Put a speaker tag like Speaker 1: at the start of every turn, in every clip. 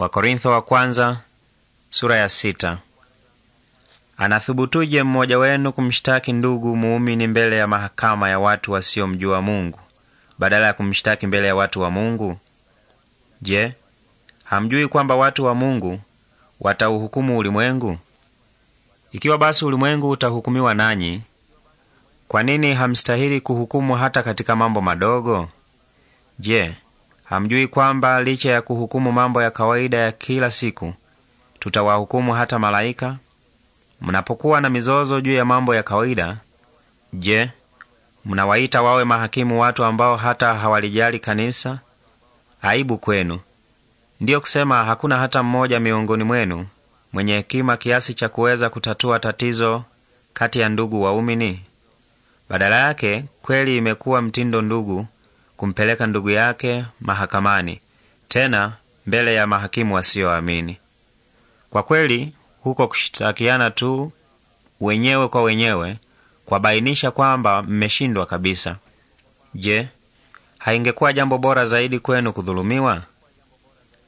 Speaker 1: Wakorintho wa kwanza, sura ya sita. Anathubutuje mmoja wenu kumshtaki ndugu muumini mbele ya mahakama ya watu wasiomjua Mungu badala ya kumshtaki mbele ya watu wa Mungu? Je, hamjui kwamba watu wa Mungu watauhukumu ulimwengu? Ikiwa basi ulimwengu utahukumiwa nanyi, kwa nini hamstahili kuhukumu hata katika mambo madogo? Je, Hamjui kwamba licha ya kuhukumu mambo ya kawaida ya kila siku, tutawahukumu hata malaika? Mnapokuwa na mizozo juu ya mambo ya kawaida, je, mnawaita wawe mahakimu watu ambao hata hawalijali kanisa? Aibu kwenu! Ndiyo kusema hakuna hata mmoja miongoni mwenu mwenye hekima kiasi cha kuweza kutatua tatizo kati ya ndugu waumini. Badala yake, kweli imekuwa mtindo ndugu kumpeleka ndugu yake mahakamani, tena mbele ya mahakimu wasioamini. Kwa kweli, huko kushitakiana tu wenyewe kwa wenyewe kwabainisha kwamba mmeshindwa kabisa. Je, haingekuwa jambo bora zaidi kwenu kudhulumiwa?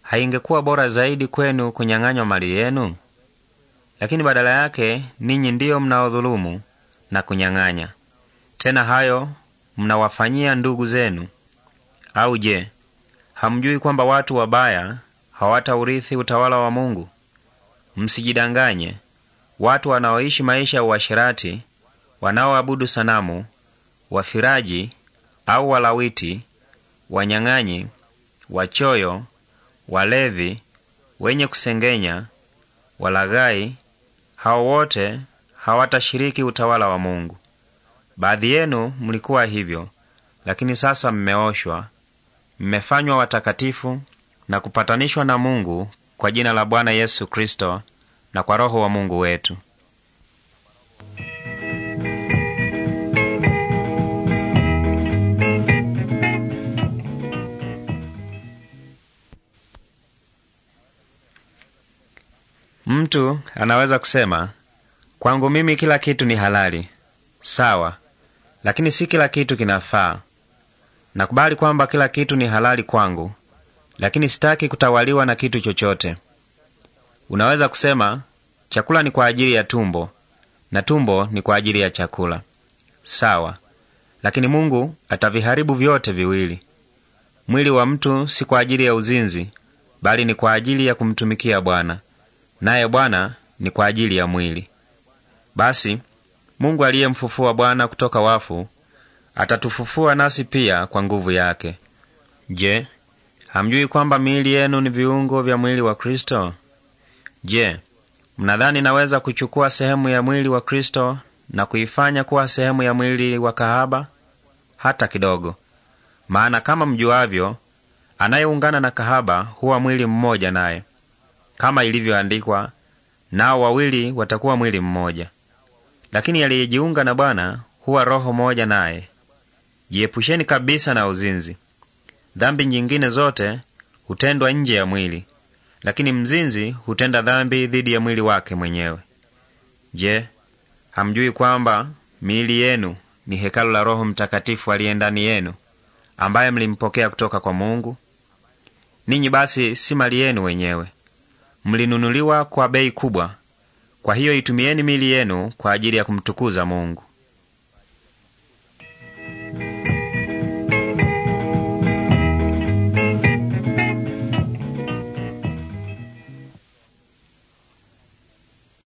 Speaker 1: Haingekuwa bora zaidi kwenu kunyang'anywa mali yenu? Lakini badala yake ninyi ndiyo mnaodhulumu na kunyang'anya. Tena hayo mnawafanyia ndugu zenu. Au je, hamjui kwamba watu wabaya hawataurithi utawala wa Mungu? Msijidanganye, watu wanaoishi maisha ya uasherati, wanaoabudu sanamu, wafiraji au walawiti, wanyang'anyi, wachoyo, walevi, wenye kusengenya, walaghai, hao wote hawatashiriki utawala wa Mungu. Baadhi yenu mlikuwa hivyo, lakini sasa mmeoshwa, mmefanywa watakatifu na kupatanishwa na Mungu kwa jina la Bwana Yesu Kristo na kwa Roho wa Mungu wetu. Mtu anaweza kusema kwangu mimi kila kitu ni halali, sawa, lakini si kila kitu kinafaa. Nakubali kwamba kila kitu ni halali kwangu, lakini sitaki kutawaliwa na kitu chochote. Unaweza kusema chakula ni kwa ajili ya tumbo na tumbo ni kwa ajili ya chakula, sawa. Lakini Mungu ataviharibu vyote viwili. Mwili wa mtu si kwa ajili ya uzinzi, bali ni kwa ajili ya kumtumikia Bwana, naye Bwana ni kwa ajili ya mwili. Basi Mungu aliyemfufua Bwana kutoka wafu atatufufua nasi pia kwa nguvu yake. Je, hamjui kwamba miili yenu ni viungo vya mwili wa Kristo? Je, mnadhani naweza kuchukua sehemu ya mwili wa Kristo na kuifanya kuwa sehemu ya mwili wa kahaba? Hata kidogo! Maana kama mjuavyo, anayeungana na kahaba huwa mwili mmoja naye, kama ilivyoandikwa, nao wawili watakuwa mwili mmoja. Lakini aliyejiunga na Bwana huwa roho moja naye. Jiepusheni kabisa na uzinzi. Dhambi nyingine zote hutendwa nje ya mwili, lakini mzinzi hutenda dhambi dhidi ya mwili wake mwenyewe. Je, hamjui kwamba miili yenu ni hekalu la Roho Mtakatifu aliye ndani yenu, ambaye mlimpokea kutoka kwa Mungu? Ninyi basi si mali yenu wenyewe, mlinunuliwa kwa bei kubwa. Kwa hiyo itumieni miili yenu kwa ajili ya kumtukuza Mungu.